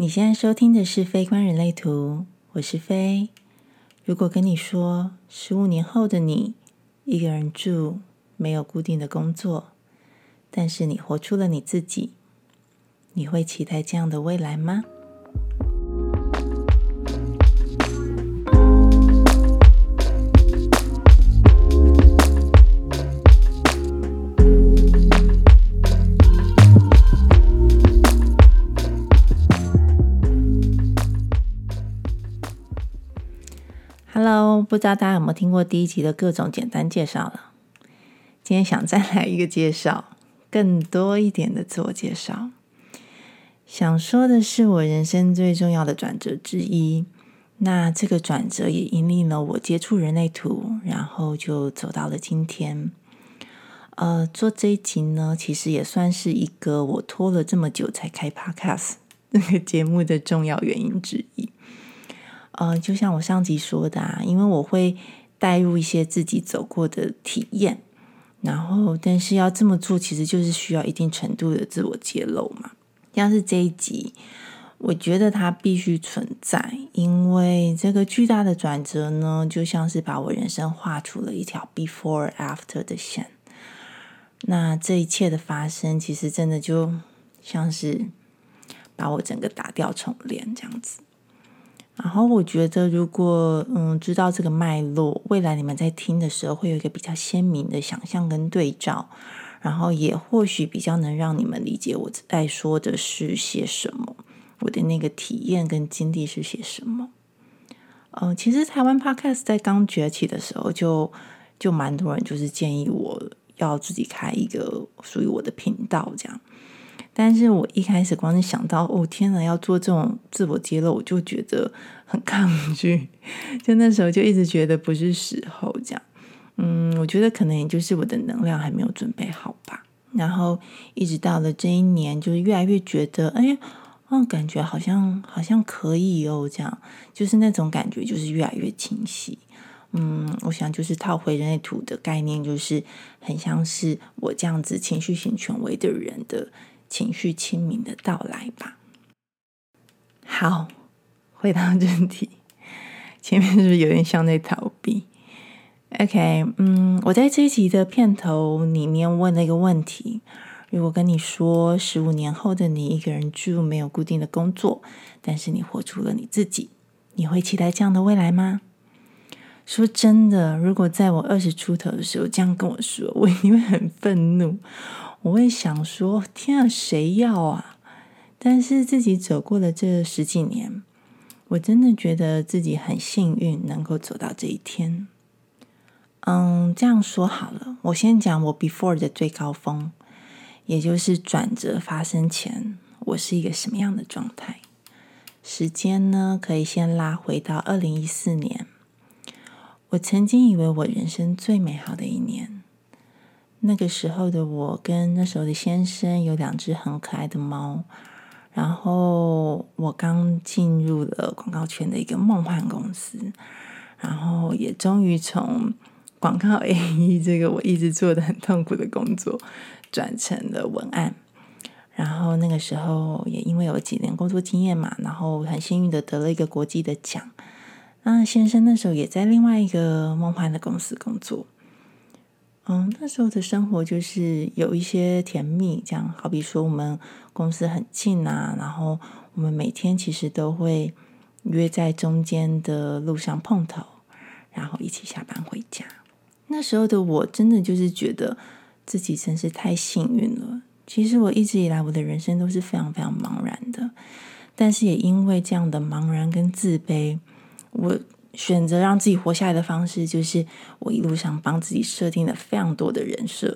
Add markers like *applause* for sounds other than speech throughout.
你現在收聽的是《非關人類圖》，我是飛。如果跟你說，十五年後的你一個人住，沒有固定的工作，但是你活出了你自己，你會期待這樣的未來嗎？不知道大家有沒有聽過第一集的各種簡單介紹了？今天想再來一個介紹，更多一點的自我介紹。想說的是我人生最重要的轉折之一。那這個轉折也引領了我接觸人類圖，然後就走到了今天。呃，做這一集呢，其實也算是一個我拖了這麼久才開 Podcast 那個節目的重要原因之一。呃，就像我上集說的，啊，因為我會帶入一些自己走過的體驗，然後但是要這麼做，其實就是需要一定程度的自我揭露嘛。像是這一集，我覺得它必須存在，因為這個巨大的轉折呢，就像是把我人生畫出了一條 before after 的線。那這一切的發生，其實真的就像是把我整個打掉重練這樣子。然後我覺得，如果嗯知道這個脈絡，未來你們在聽的時候會有一個比較鮮明的想象跟對照，然後也或許比較能讓你們理解我在說的是些什麼，我的那個體驗跟經歷是些什麼。嗯，其實台灣 Podcast 在剛崛起的時候就，就就蠻多人就是建議我要自己開一個屬於我的頻道，這樣。但是我一開始光是想到哦，天哪，要做這種自我揭露，我就覺得很抗拒。就那時候就一直覺得不是時候這樣。嗯，我覺得可能也就是我的能量還沒有準備好吧。然後一直到了這一年，就是越來越覺得哎、欸，哦，感覺好像好像可以哦，這樣就是那種感覺，就是越來越清晰。嗯，我想就是套回人類圖的概念，就是很像是我這樣子情緒型權威的人的。情緒清明的到來吧。好，回到正題，前面是不是有點像在逃避？OK，嗯，我在這集的片頭裡面問了一個問題：如果跟你說十五年後的你一個人住，沒有固定的工作，但是你活出了你自己，你會期待這樣的未來嗎？說真的，如果在我二十出頭的時候這樣跟我說，我一定會很憤怒。我會想說：“天啊，誰要啊？”但是自己走過了這十幾年，我真的覺得自己很幸運，能夠走到這一天。嗯，這樣說好了，我先講我 before 的最高峰，也就是轉折發生前，我是一個什麼樣的狀態。時間呢，可以先拉回到二零一四年。我曾經以為我人生最美好的一年。那個時候的我跟那時候的先生有兩隻很可愛的貓，然後我剛進入了廣告圈的一個夢幻公司，然後也終於從廣告 AE 這個我一直做的很痛苦的工作轉成了文案。然後那個時候也因為有幾年工作經驗嘛，然後很幸運的得了一個國際的獎。那先生那時候也在另外一個夢幻的公司工作。嗯，那時候的生活就是有一些甜蜜，這樣，好比說我們公司很近啊，然後我們每天其實都會約在中間的路上碰頭，然後一起下班回家。那時候的我真的就是覺得自己真是太幸運了。其實我一直以來我的人生都是非常非常茫然的，但是也因為這樣的茫然跟自卑，我，選擇讓自己活下來的方式，就是我一路上幫自己設定了非常多的人設。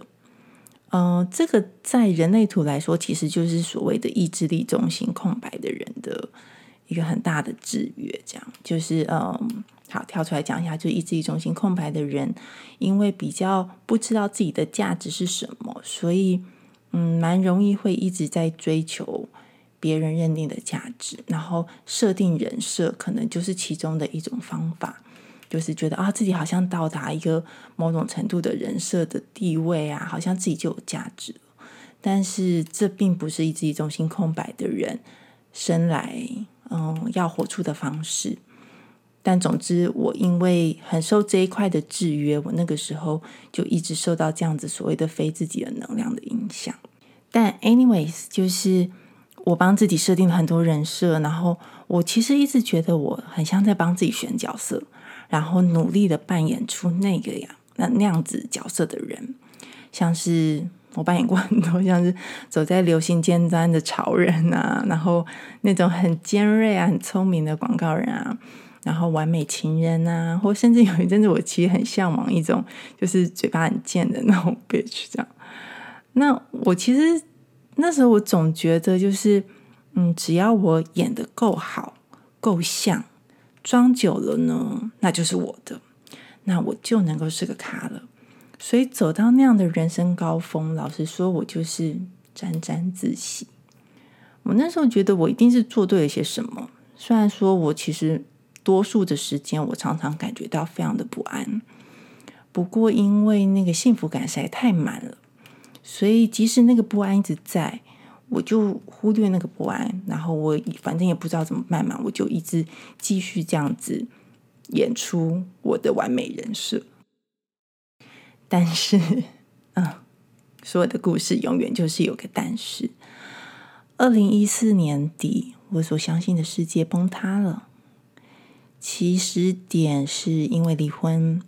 嗯、呃，這個在人類圖來說，其實就是所謂的意志力中心空白的人的一個很大的制約。這樣就是，嗯、呃，好，跳出來講一下，就是意志力中心空白的人，因為比較不知道自己的價值是什麼，所以，嗯，蠻容易會一直在追求。別人認定的價值，然後設定人設，可能就是其中的一種方法，就是覺得啊，自己好像到達一個某種程度的人設的地位啊，好像自己就有價值。但是這並不是以自己中心空白的人生來，嗯，要活出的方式。但總之，我因為很受這一塊的制約，我那個時候就一直受到這樣子所謂的非自己的能量的影響。但 anyways，就是。我幫自己設定了很多人設，然後我其實一直覺得我很像在幫自己選角色，然後努力的扮演出那個樣那那樣子角色的人，像是我扮演過很多，像是走在流行尖端的潮人啊，然後那種很尖銳啊、很聰明的廣告人啊，然後完美情人啊，或甚至有一陣子我其實很向往一種就是嘴巴很賤的那種 bitch 這樣，那我其實。那時候我總覺得就是，嗯，只要我演得夠好、夠像，裝久了呢，那就是我的，那我就能夠是個咖了。所以走到那樣的人生高峰，老實說，我就是沾沾自喜。我那時候覺得我一定是做對了些什麼，雖然說我其實多數的時間我常常感覺到非常的不安，不過因為那個幸福感實在太滿了。所以，即使那個不安一直在，我就忽略那個不安，然後我反正也不知道怎麼辦嘛，我就一直繼續這樣子演出我的完美人設。但是，嗯，所有、嗯、的故事永遠就是有個但是。二零一四年底，我所相信的世界崩塌了。起始點是因為離婚。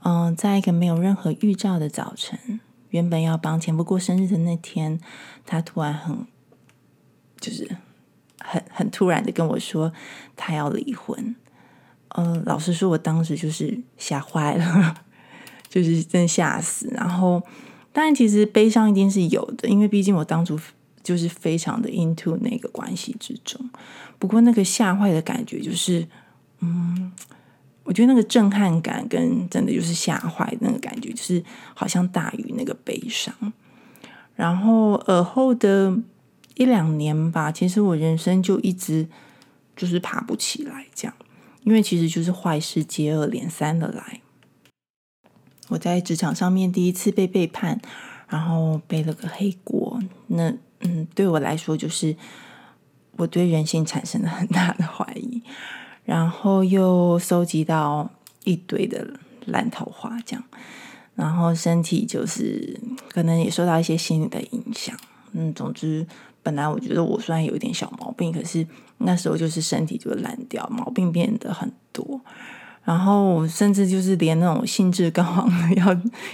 嗯，在一個沒有任何預兆的早晨。原本要幫前夫過生日的那天，他突然很，就是很很突然的跟我說他要離婚。嗯、呃，老實說，我當時就是嚇壞了，就是真嚇死。然後，當然其實悲傷一定是有的，因為畢竟我當初就是非常的 into 那個關係之中。不過那個嚇壞的感覺，就是嗯。我覺得那個震撼感，跟真的就是嚇壞的那個感覺，就是好像大於那個悲傷。然後爾後的一兩年吧，其實我人生就一直就是爬不起來這樣，因為其實就是壞事接二連三的來。我在職場上面第一次被背叛，然後背了個黑鍋。那嗯，對我來說就是我對人性產生了很大的懷疑。然後又收集到一堆的爛桃花，這樣，然後身體就是可能也受到一些心理的影響。嗯，總之，本來我覺得我雖然有一點小毛病，可是那時候就是身體就爛掉，毛病變得很多。然後甚至就是連那種興致高昂的，要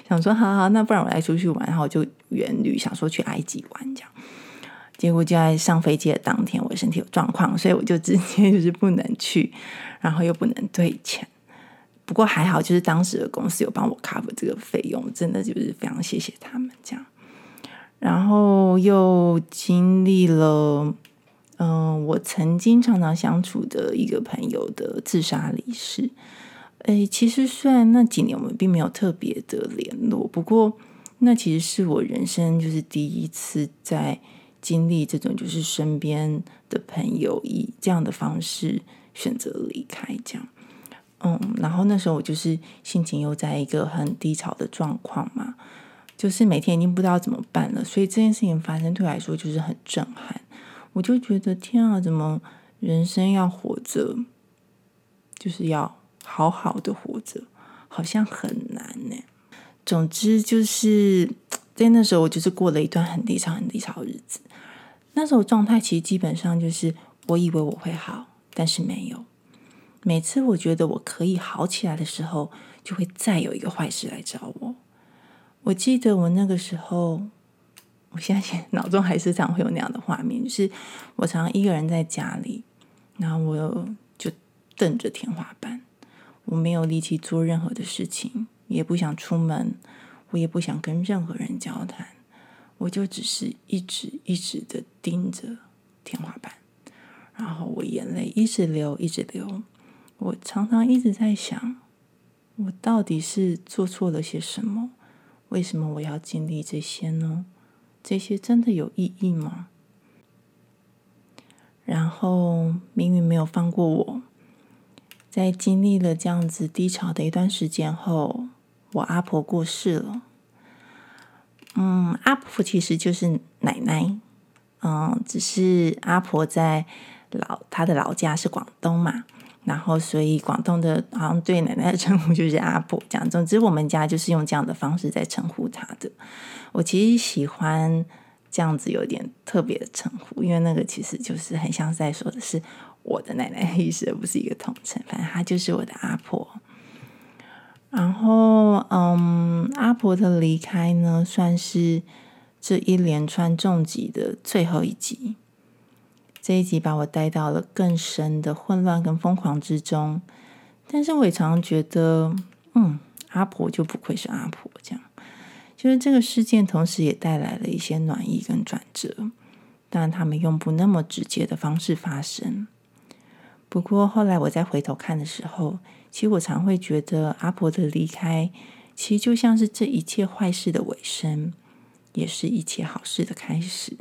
想說好好，那不然我來出去玩，然後就遠旅，想說去埃及玩這樣。結果就在上飛機的當天，我身體有狀況，所以我就直接就是不能去，然後又不能退錢。不過還好，就是當時的公司有幫我 cover 這個費用，真的就是非常謝謝他們這樣。然後又經歷了，嗯、呃，我曾經常常相處的一個朋友的自殺離世。誒，其實雖然那幾年我們並沒有特別的聯絡，不過那其實是我人生就是第一次在。經歷這種就是身邊的朋友以這樣的方式選擇離開，這樣，嗯，然後那時候我就是心情又在一個很低潮的狀況嘛，就是每天已經不知道怎麼辦了，所以這件事情發生對我來說就是很震撼，我就覺得天啊，怎麼人生要活着，就是要好好的活着，好像很難呢？總之就是在那時候，我就是過了一段很低潮、很低潮的日子。那時候狀態其實基本上就是，我以為我會好，但是沒有。每次我覺得我可以好起來的時候，就會再有一個壞事來找我。我記得我那個時候，我現在腦中還時常會有那樣的畫面，就是我常常一個人在家裡，然後我就瞪着天花板，我沒有力氣做任何的事情，也不想出門，我也不想跟任何人交談。我就只是一直一直的盯着天花板，然後我眼淚一直流一直流。我常常一直在想，我到底是做錯了些什麼？為什麼我要經歷這些呢？這些真的有意義嗎？然後命運沒有放過我，在經歷了這樣子低潮的一段時間後，我阿婆過世了。嗯，阿婆其實就是奶奶，嗯，只是阿婆在老她的老家是廣東嘛，然後所以廣東的好像對奶奶的稱呼就是阿婆這樣。總之，我們家就是用這樣的方式在稱呼她的。我其實喜歡這樣子有點特別的稱呼，因為那個其實就是很像在說的是我的奶奶的意思，而不是一個統稱。反正她就是我的阿婆。然後，嗯，阿婆的離開呢，算是這一連串重擊的最後一集。這一集把我帶到了更深的混亂跟瘋狂之中。但是，我也常常覺得，嗯，阿婆就不愧是阿婆，這樣，就是這個事件同時也帶來了一些暖意跟轉折，但他們用不那麼直接的方式發生。不過，後來我在回頭看的時候。其實我常會覺得阿婆的離開，其實就像是這一切壞事的尾聲，也是一切好事的開始。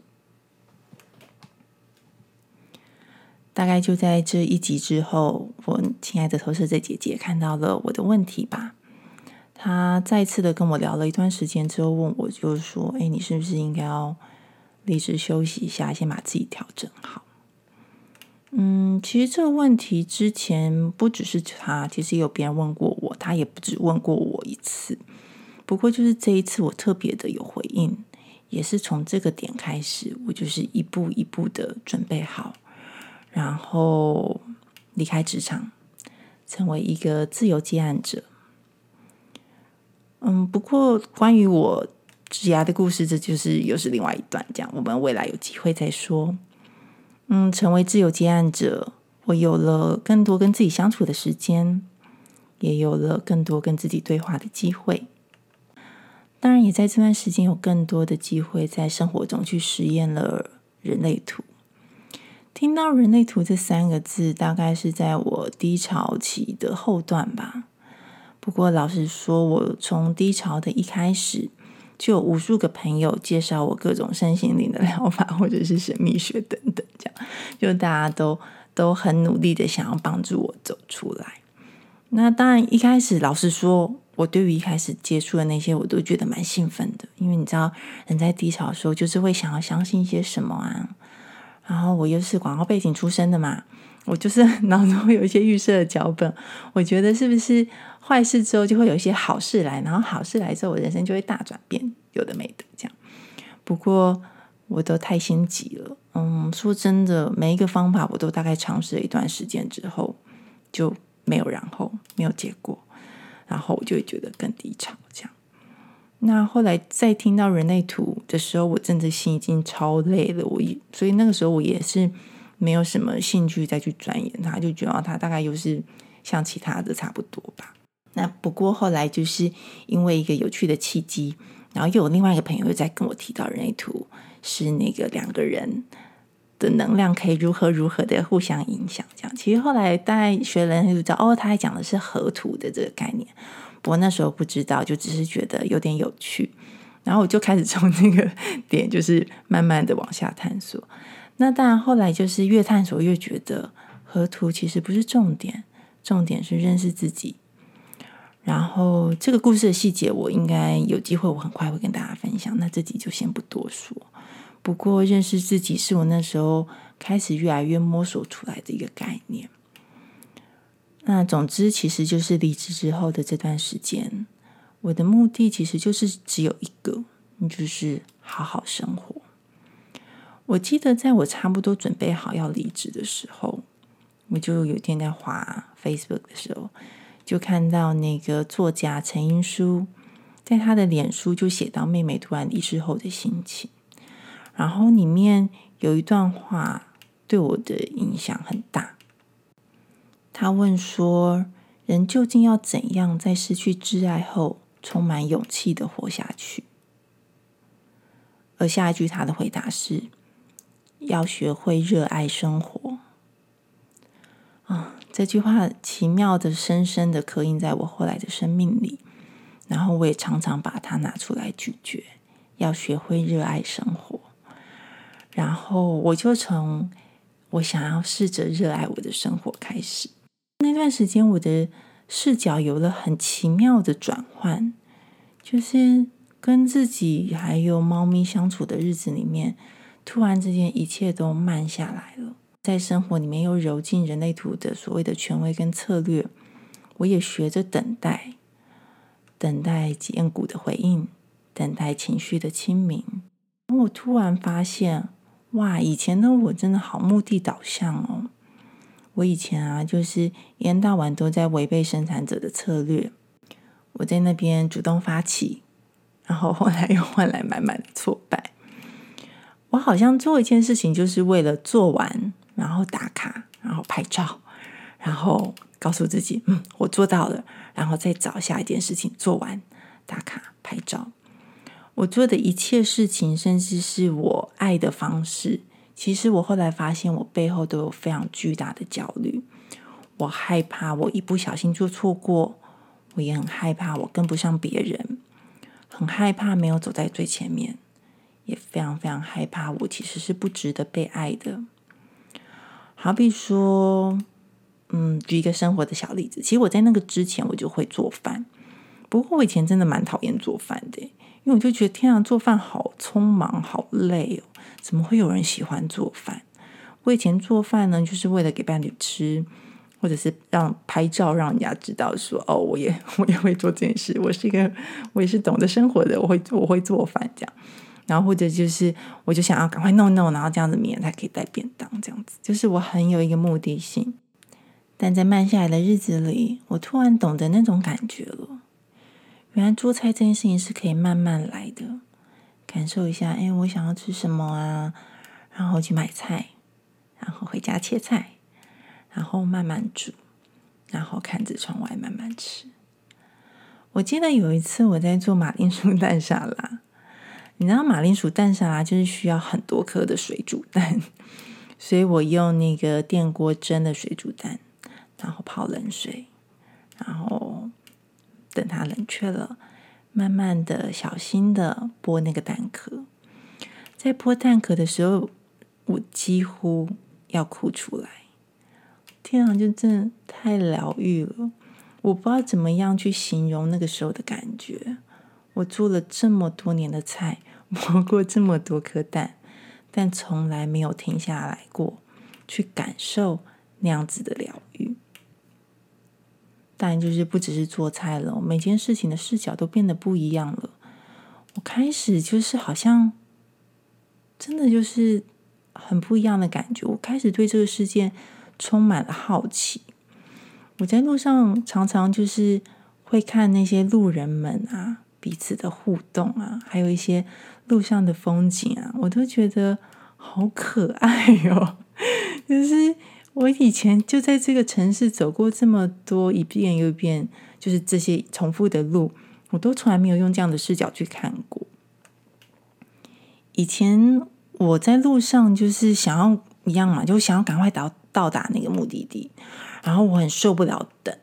大概就在這一集之後，我親愛的投射者姐姐也看到了我的問題吧。她再次的跟我聊了一段時間之後，問我就是說：“哎，你是不是應該要離職休息一下，先把自己調整好？”嗯，其實這個問題之前不只是他，其實也有別人問過我。他也不只問過我一次，不過就是這一次我特別的有回應，也是從這個點開始，我就是一步一步的準備好，然後離開職場，成為一個自由接案者。嗯，不過關於我職涯的故事，這就是又是另外一段，這樣我們未來有機會再說。嗯，成為自由接案者，我有了更多跟自己相處的時間，也有了更多跟自己對話的機會。當然，也在這段時間有更多的機會在生活中去實驗了人類圖。聽到“人類圖”這三個字，大概是在我低潮期的後段吧。不過，老實說，我從低潮的一開始，就有無數個朋友介紹我各種身心靈的療法，或者是神秘學等等，這樣就大家都都很努力的想要幫助我走出來。那當然一開始，老實說，我對於一開始接觸的那些，我都覺得蠻興奮的，因為你知道人在低潮的時候，就是會想要相信一些什麼啊。然後我又是廣告背景出身的嘛，我就是腦中會有一些預設的腳本，我覺得是不是？壞事之後就會有一些好事來，然後好事來之後，我人生就會大轉變，有的沒的這樣。不過我都太心急了，嗯，說真的，每一個方法我都大概嘗試了一段時間之後就沒有然後，沒有結果，然後我就會覺得更低潮。這樣，那後來再聽到人類圖的時候，我真的心已經超累了，我所以那個時候我也是沒有什麼興趣再去鑽研它，就覺得它大概又是像其他的差不多吧。那不過後來就是因為一個有趣的契機，然後又有另外一個朋友又在跟我提到人類圖，是那個兩個人的能量可以如何如何的互相影響，這樣。其實後來大家學人就知道，哦，他還講的是合圖的這個概念。不過那時候不知道，就只是覺得有點有趣。然後我就開始從那個點，就是慢慢的往下探索。那當然後來就是越探索越覺得合圖其實不是重點，重點是認識自己。然後這個故事的細節，我應該有機會，我很快會跟大家分享。那自己就先不多說。不過認識自己是我那時候開始越來越摸索出來的一個概念。那總之，其實就是離職之後的這段時間，我的目的其實就是只有一個，就是好好生活。我記得在我差不多準備好要離職的時候，我就有一天在滑 Facebook 的時候。就看到那個作家陳英書在他的臉書就寫到妹妹突然離世後的心情，然後裡面有一段話對我的影響很大。他問說：“人究竟要怎樣在失去摯愛後，充滿勇氣的活下去？”而下一句他的回答是：“要學會熱愛生活。”啊。這句話奇妙的、深深的刻印在我後來的生命裡，然後我也常常把它拿出來咀嚼。要學會熱愛生活，然後我就從我想要試着熱愛我的生活開始。那段時間，我的視角有了很奇妙的轉換，就是跟自己還有貓咪相處的日子裡面，突然之間一切都慢下來了。在生活裡面又揉進人類圖的所謂的權威跟策略，我也學着等待，等待薦骨的回應，等待情緒的清明。我突然發現，哇，以前的我真的好目的導向哦。我以前啊，就是一天到晚都在違背生產者的策略。我在那邊主動發起，然後後來又換來滿滿的挫敗。我好像做一件事情，就是為了做完。然後打卡，然後拍照，然後告訴自己：“嗯，我做到了。”然後再找下一件事情做完打卡拍照。我做的一切事情，甚至是我愛的方式，其實我後來發現，我背後都有非常巨大的焦慮。我害怕我一不小心就錯過，我也很害怕我跟不上別人，很害怕沒有走在最前面，也非常非常害怕我其實是不值得被愛的。好比說，嗯，舉一個生活的小例子。其實我在那個之前，我就會做飯。不過我以前真的蠻討厭做飯的，因為我就覺得天啊，做飯好匆忙，好累哦。怎麼會有人喜歡做飯？我以前做飯呢，就是為了給伴侶吃，或者是讓拍照，讓人家知道說，哦，我也我也會做這件事。我是一個，我也是懂得生活的，我會我會做飯這樣。然後或者就是，我就想要趕快弄弄，然後這樣子明天才可以帶便當，這樣子就是我很有一個目的性。但在慢下來的日子裡，我突然懂得那種感覺了。原來做菜這件事情是可以慢慢來的，感受一下，誒、哎、我想要吃什麼啊？然後去買菜，然後回家切菜，然後慢慢煮，然後看着窗外慢慢吃。我記得有一次我在做馬鈴薯蛋沙拉。你知道馬鈴薯蛋沙拉，就是需要很多顆的水煮蛋， *laughs* 所以我用那個電鍋蒸的水煮蛋，然後泡冷水，然後等它冷卻了，慢慢的、小心的剝那個蛋殼。在剝蛋殼的時候，我幾乎要哭出來。天啊，就真的太療癒了！我不知道怎麼樣去形容那個時候的感覺。我做了這麼多年的菜。磨過這麼多顆蛋，但從來沒有停下來過，去感受那樣子的療愈。但就是不只是做菜了，每件事情的視角都變得不一樣了。我開始就是好像真的就是很不一樣的感覺。我開始對這個世界充滿了好奇。我在路上常常就是會看那些路人們啊。彼此的互動啊，還有一些路上的風景啊，我都覺得好可愛喲、哦。 *laughs* 就是我以前就在這個城市走過這麼多一遍又一遍，就是這些重複的路，我都從來沒有用這樣的視角去看過。以前我在路上就是想要一樣嘛，就想要趕快到到達那個目的地，然後我很受不了等，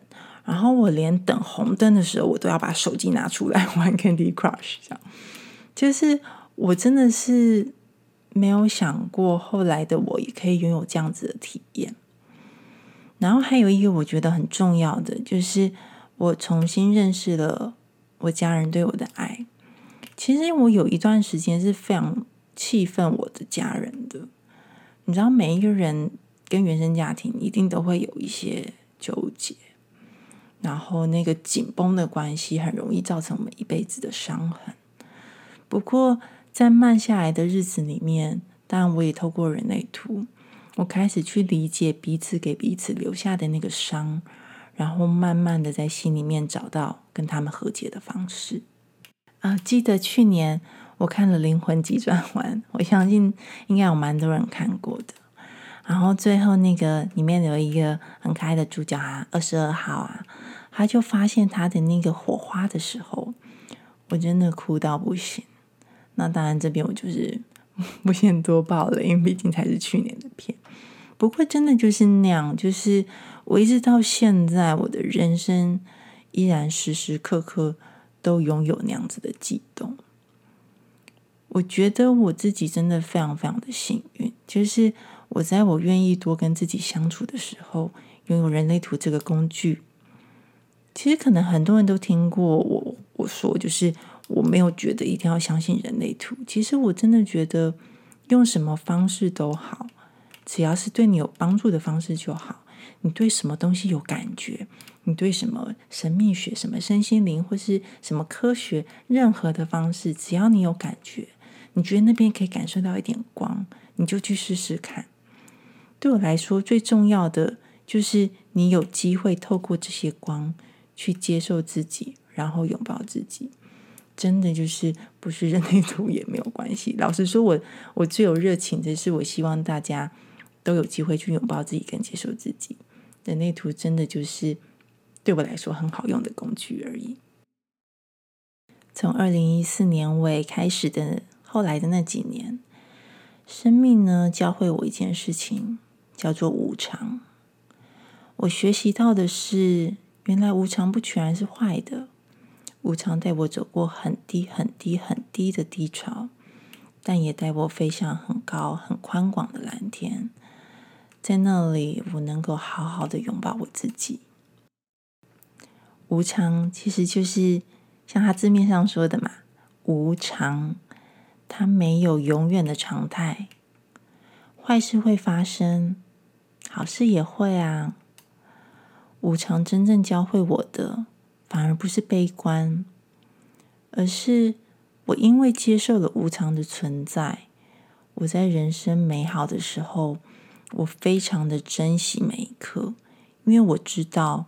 然後我連等紅燈的時候，我都要把手機拿出來玩《Candy Crush》這樣，就是我真的是沒有想過，後來的我也可以擁有這樣子的體驗。然後還有一個我覺得很重要的，就是我重新認識了我家人對我的愛。其實我有一段時間是非常氣憤我的家人的，你知道，每一個人跟原生家庭一定都會有一些糾結。然後那個緊繃的關係很容易造成我們一輩子的傷痕。不過在慢下來的日子裡面，當然我也透過人類圖，我開始去理解彼此給彼此留下的那個傷，然後慢慢的在心裡面找到跟他們和解的方式。啊，記得去年我看了《靈魂急轉彎》，我相信應該有蠻多人看過的。然後最後那個裡面有一個很可愛的主角啊，二十二號啊。他就發現他的那個火花的時候，我真的哭到不行。那當然，這邊我就是不嫌多爆了，因為畢竟才是去年的片。不過，真的就是那樣，就是我一直到現在，我的人生依然時時刻刻都擁有那樣子的悸動。我覺得我自己真的非常非常的幸運，就是我在我願意多跟自己相處的時候，擁有人類圖這個工具。其實可能很多人都聽過我我說，就是我沒有覺得一定要相信人類圖。其實我真的覺得，用什麼方式都好，只要是對你有幫助的方式就好。你對什麼東西有感覺，你對什麼神秘學、什麼身心靈，或是什麼科學，任何的方式，只要你有感覺，你覺得那邊可以感受到一點光，你就去試試看，對我來說，最重要的就是你有機會透過這些光，去接受自己，然後擁抱自己，真的就是不是人類圖也沒有關係。老實說我，我我最有熱情的是，我希望大家都有機會去擁抱自己跟接受自己。人類圖真的就是對我來說很好用的工具而已。從二零一四年尾開始的，後來的那幾年，生命呢教會我一件事情，叫做無常。我學習到的是。原來無常不全然是壞的，無常帶我走過很低很低很低的低潮，但也帶我飛向很高很寬廣的藍天，在那裡我能夠好好的擁抱我自己。無常其實就是像他字面上說的嘛，無常，它沒有永遠的常態，壞事會發生，好事也會啊。無常真正教會我的，反而不是悲觀，而是我因為接受了無常的存在，我在人生美好的時候，我非常的珍惜每一刻，因為我知道，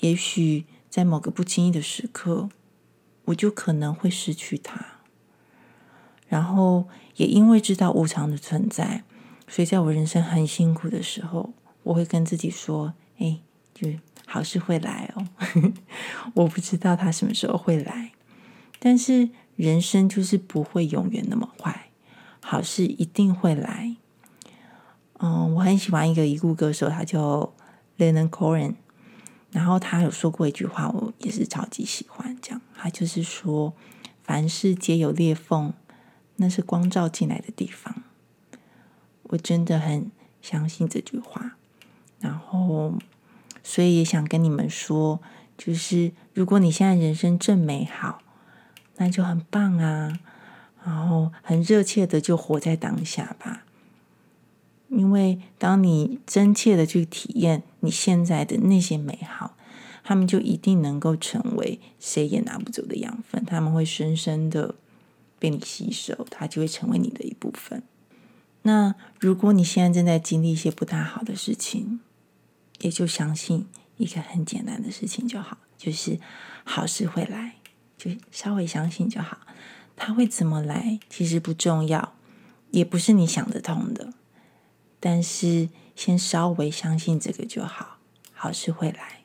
也許在某個不經意的時刻，我就可能會失去它。然後，也因為知道無常的存在，所以在我人生很辛苦的時候，我會跟自己說：“哎，就是。”好事會來哦呵呵，我不知道他什麼時候會來，但是人生就是不會永遠那麼壞，好事一定會來。嗯，我很喜歡一個已故歌手，他就 Leonard Cohen，然後他有說過一句話，我也是超級喜歡，這樣他就是說：凡事皆有裂縫，那是光照進來的地方。我真的很相信這句話，然後。所以也想跟你們說，就是如果你現在人生正美好，那就很棒啊！然後很熱切的就活在當下吧，因為當你真切的去體驗你現在的那些美好，他們就一定能夠成為誰也拿不走的養分，他們會深深的被你吸收，他就會成為你的一部分。那如果你現在正在經歷一些不太好的事情，也就相信一個很簡單的事情就好，就是好事會來，就稍微相信就好。它會怎麼來，其實不重要，也不是你想得通的。但是先稍微相信這個就好，好事會來。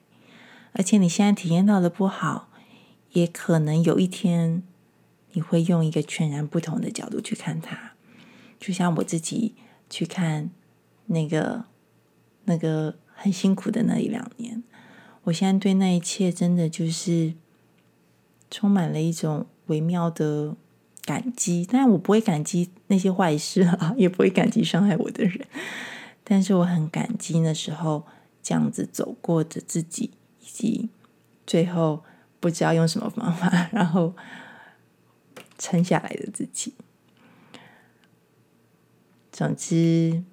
而且你現在體驗到的不好，也可能有一天你會用一個全然不同的角度去看它。就像我自己去看那個那個。很辛苦的那一兩年，我現在對那一切真的就是充滿了一種微妙的感激。當然，我不會感激那些壞事啊，也不會感激傷害我的人。但是，我很感激那時候這樣子走過的自己，以及最後不知道用什麼方法，然後撐下來的自己。總之，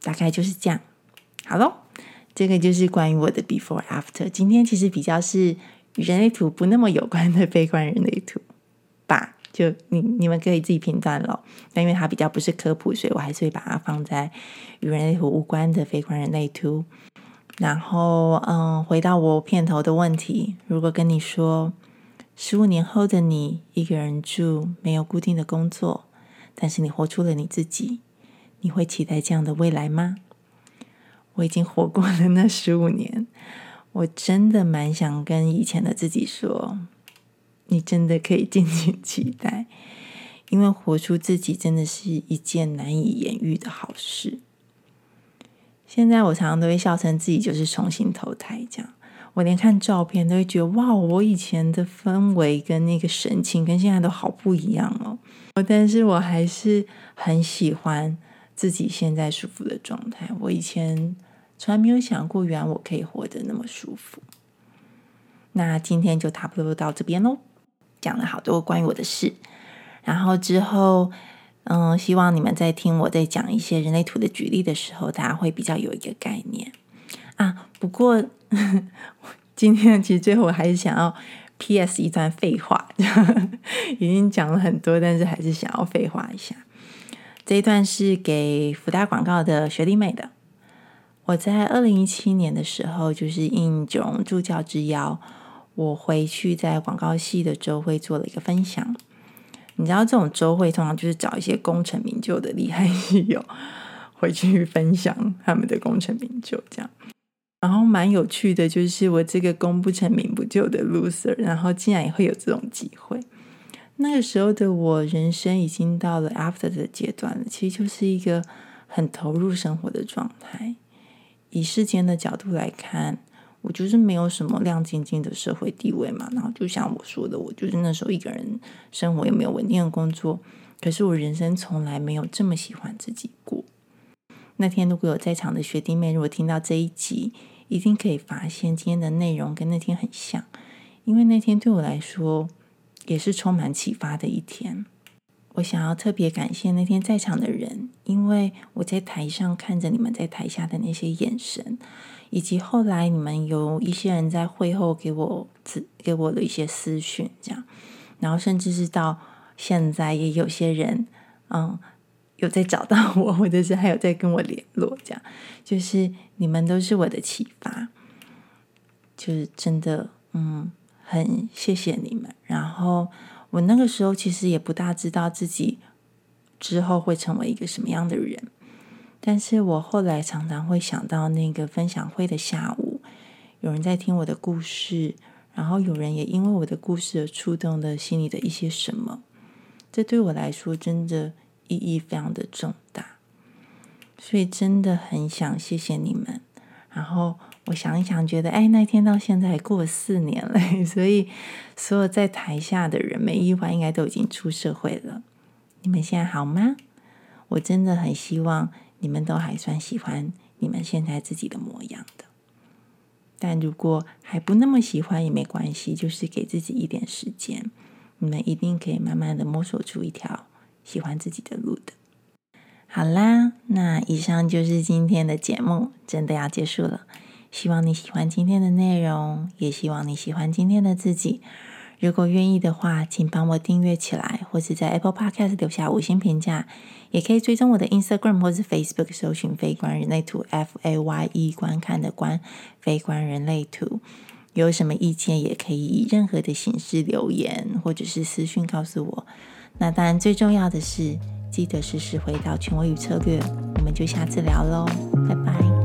大概就是這樣。好嘍。這個就是關於我的 before after。今天其實比較是與人類圖不那麼有關的非關人類圖吧，就你你們可以自己評斷咯。但因為它比較不是科普，所以我還是會把它放在與人類圖無關的非關人類圖。然後，嗯，回到我片頭的問題：如果跟你說，十五年後的你一個人住，沒有固定的工作，但是你活出了你自己，你會期待這樣的未來嗎？我已經活過了那十五年，我真的蠻想跟以前的自己說：“你真的可以盡情期待，因為活出自己真的是一件難以言喻的好事。”現在我常常都會笑稱自己就是重新投胎，這樣。我連看照片都會覺得：“哇，我以前的氛圍跟那個神情跟現在都好不一樣哦。”但是我還是很喜歡自己現在舒服的狀態。我以前，從來沒有想過，原來我可以活得那麼舒服。那今天就差不多到這邊嘍，講了好多關於我的事。然後之後，嗯，希望你們在聽我在講一些人類圖的舉例的時候，大家會比較有一個概念啊。不過今天其實最後我還是想要 P.S. 一段廢話， *laughs* 已經講了很多，但是還是想要廢話一下。這一段是給輔大廣告的學弟妹的。我在二零一七年的時候，就是應久容助教之邀，我回去在廣告系的週會做了一個分享。你知道，這種週會通常就是找一些功成名就的厲害系友回去分享他們的功成名就，這樣。然後，蠻有趣的，就是我這個功不成名不就的 loser，然後竟然也會有這種機會。那個時候的我，人生已經到了 after 的階段了，其實就是一個很投入生活的狀態。以世間的角度來看，我就是沒有什麼亮晶晶的社會地位嘛。然後就像我說的，我就是那時候一個人生活，也沒有穩定的工作。可是我人生從來沒有這麼喜歡自己過。那天如果有在場的學弟妹，如果聽到這一集，一定可以發現今天的內容跟那天很像，因為那天對我來說也是充滿啟發的一天。我想要特別感謝那天在場的人，因為我在台上看着你們在台下的那些眼神，以及後來你們有一些人在會後給我給我的一些私訊，這樣，然後甚至是到現在也有些人，嗯，有在找到我，或者是還有在跟我聯絡，這樣，就是你們都是我的啟發，就是真的，嗯，很謝謝你們，然後。我那個時候其實也不大知道自己之後會成為一個什麼樣的人，但是我後來常常會想到那個分享會的下午，有人在聽我的故事，然後有人也因為我的故事而觸動了心裡的一些什麼，這對我來說真的意義非常的重大，所以真的很想謝謝你們，然後。我想一想，覺得哎，那天到現在過了四年了，所以所有在台下的人，沒意外，應該都已經出社會了。你們現在好嗎？我真的很希望你們都還算喜歡你們現在自己的模樣的。但如果還不那麼喜歡也沒關係，就是給自己一點時間，你們一定可以慢慢的摸索出一條喜歡自己的路的。好啦，那以上就是今天的節目，真的要結束了。希望你喜歡今天的內容，也希望你喜歡今天的自己。如果願意的話，請幫我訂閱起來，或者在 Apple Podcast 留下五星評價。也可以追蹤我的 Instagram 或是 Facebook，搜尋 “Faye 觀人類圖 F A Y E 觀看的觀 Faye 觀人類圖”。有什麼意見，也可以以任何的形式留言，或者是私訊告訴我。那當然，最重要的是記得時時回到權威與策略。我們就下次聊嘍，拜拜。